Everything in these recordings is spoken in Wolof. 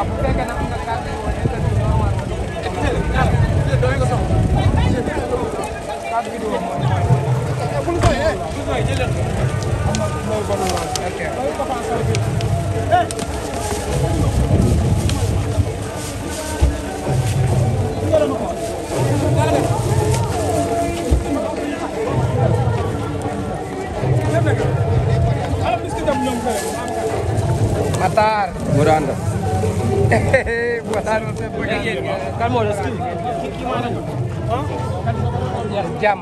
waaw bu fekkee kan moo des kii jàmm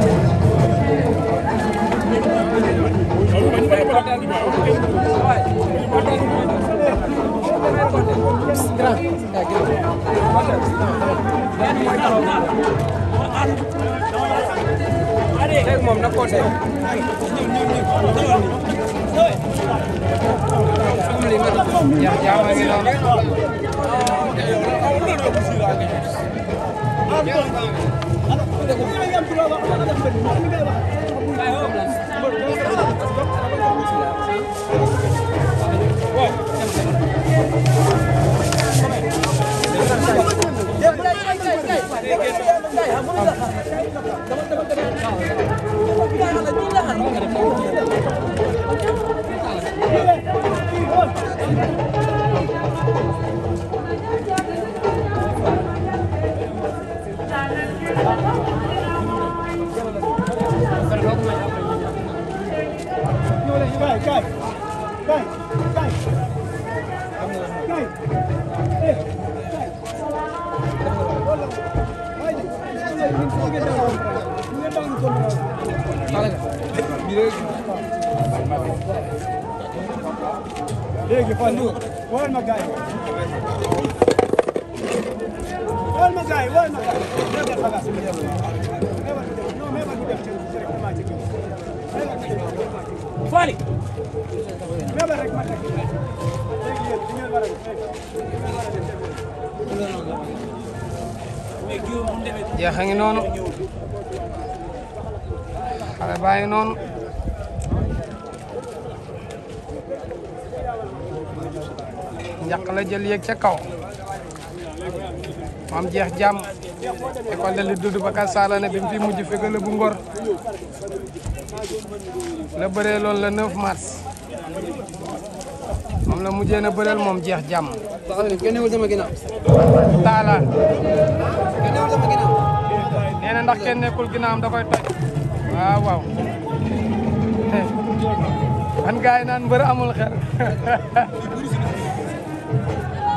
Thank you. Jangan Mire, léegi fan yu wóor ma noonu xale baa noonu yàq la jël yéeg ca kaw jeex jàmm école de li dudd baka saala ne bi mu fi mujj ngor la bëree loon la 9 mars moom la mujjee na bëreel moom jeex jàmm génnewul sama ginnaaw taala génnewul sama ginnaaw nee na nekkul ginnaawam da koy toj waaw waaw man eh. gars yi naan mbër amul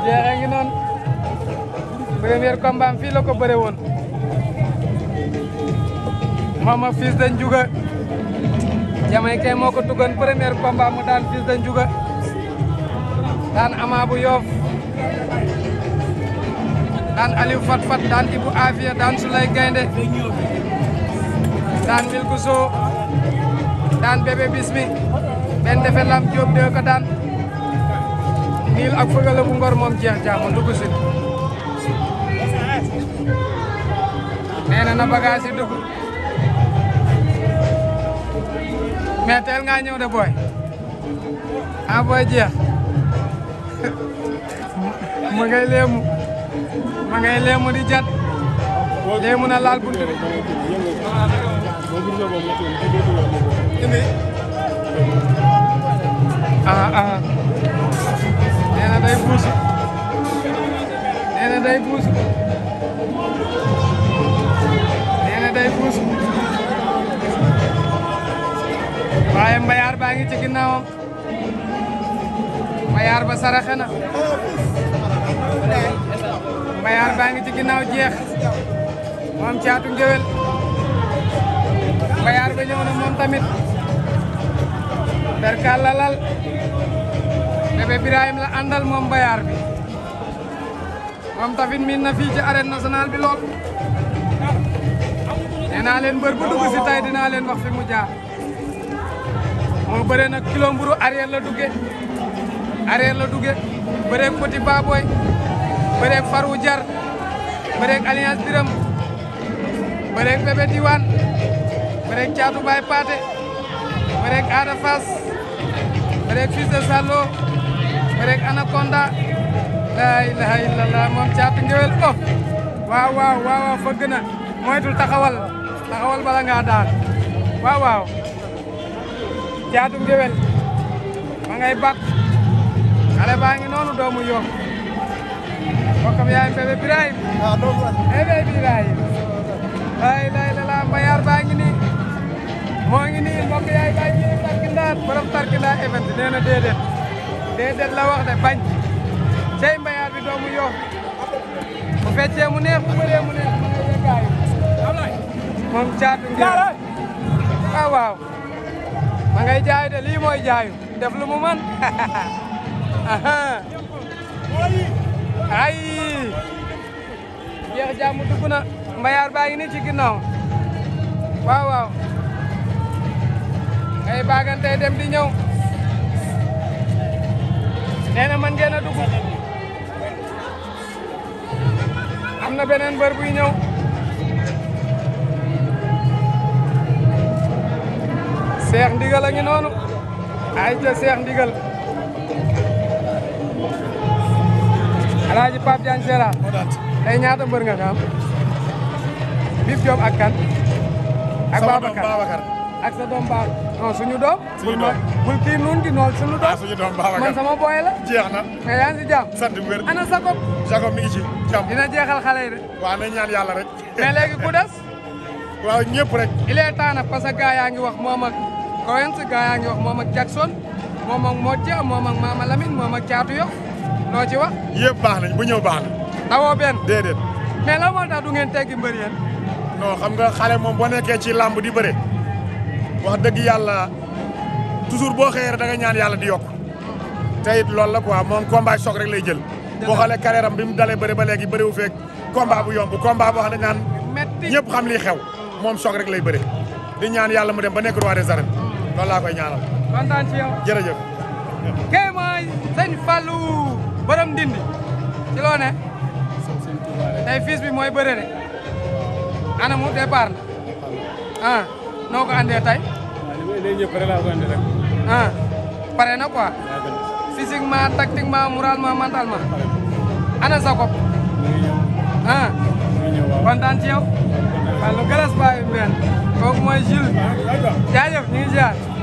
jeexe ngi noonu premier combat am fii la ko bëre woon moom ak Fils de Ndiouga Jamaïcain moo ko tuggoon premier mu daan Fils de Ndiouga daan Ama bu Yoff daan Aliou Fat Fat daan Ibou Afia daan Souley Gaynde daan Milkuso daan Bébé Bismi benn defe lam Diop dee ko daan niil ak fëgale bu ngor moom jeex jàmm dugg si nee na na bagage yi teel ngaa ñëw de booy a ah, booy jeex ma ngay leemu ma ngay leemu di jat leemu na laal buntu bi ah ah na day puus nee na day puus nee na day puus waaye mbayaar baa ngi ci ginnaawam mbayaar ba saraxe na mbayaar baa ngi ci ginnaaw jeex moom caatu ngéwél mbayaar ba ñëw na moom tamit berkal lalal bébé Birahim la àndal moom mbayaar bi moom tamit miin na fii ci arène nationale bi lool nee naa leen mbër bu dugg moo bëree nag kilo mburu arrière la dugge arrière la dugge bëreeg Petit Baboy bëreeg Farou Biram bëreeg bébé Diwane bëreeg Caatu Baay Paate bëreeg Ada bëreeg fils de Sallo bëreeg Anaconda laa ilaha illallah caatu ngewel foof oh, waaw waaw waaw fëgg na moytul taxawal bala ngaa daan waaw waaw caatu ngewel ma ngay bàkk xale baa ngi noonu doomu yoof bokkam yaay bébé Birahim ah, bébé mbayaar baa ngi moo ngi nii mbokk yaay baay ji tarkindaat borom tarkindaat event nee na déedéet déedéet la wax de bañ cey mbayaat bi doomu yoo bu feccee mu neex bu bëree mu neex mu neex gaay moom caatu ngir waaw ah, waaw ma ngay jaay de lii mooy jaayu def lu mu man ay jeex jàmm dugg na mbayaar baa ngi nii ci ginnaaw waaw waaw ngay baagantey dem di ñëw nee na mën ngeen am na beneen bër buy ñëw seex ndigal a ngi noonu ay ca seex ndigal alaaji Pape Diagne Sera tey ñaata mbër nga nga am bif ak kan ak Babacar ak sa doom baax non suñu doom. suñu doom bul kii nuun di nool suñu doom. Ah, suñu doom baax man la. jeex na nga yaa ngi si jàmm. sant wér ana Jacob. Jacob mi ngi ci jàmm. dina jeexal xale yi de. waaw ñaan yàlla rek. mais léegi ku des. waaw rek. il est temps nag parce que yaa ngi wax moom ak Coyens gars yaa ngi wax moom ak Jackson moo ak Modja moom ak Mama Lamine noo ci wax. yëpp baax nañ bu ñëw baax na. dawoo benn déedéet. la moo tax du ngeen teggi mbër yéen. xam nga xale moom boo nekkee ci làmb di bëre wax dëgg yàlla toujours boo xëyee da ñaan yàlla di yokk te it loolu la quoi moom combat choc rek lay jël. boo xal carrière am bi mu dalee bëri ba léegi bëriwu feek combat bu yomb combat boo xam ne naan ñëpp xam lii xew moom choc rek lay bëri di ñaan yàlla mu dem ba nekk roi des arènes mm. loolu laa koy ñaanal. kontaan ci Ndindi ci tey fils bi mooy bëre de ana mu départ na ah. noo ko andee tey. waaw ah, li ñëpp laa ko andee rek. ah pare na quoi. physiquement tactiquement moralement mentalement. ana sa kopp. ah. kontaan ci yow. waaw lu galas baayu benn. kooku mooy Jules. Ah, jaajëf ñu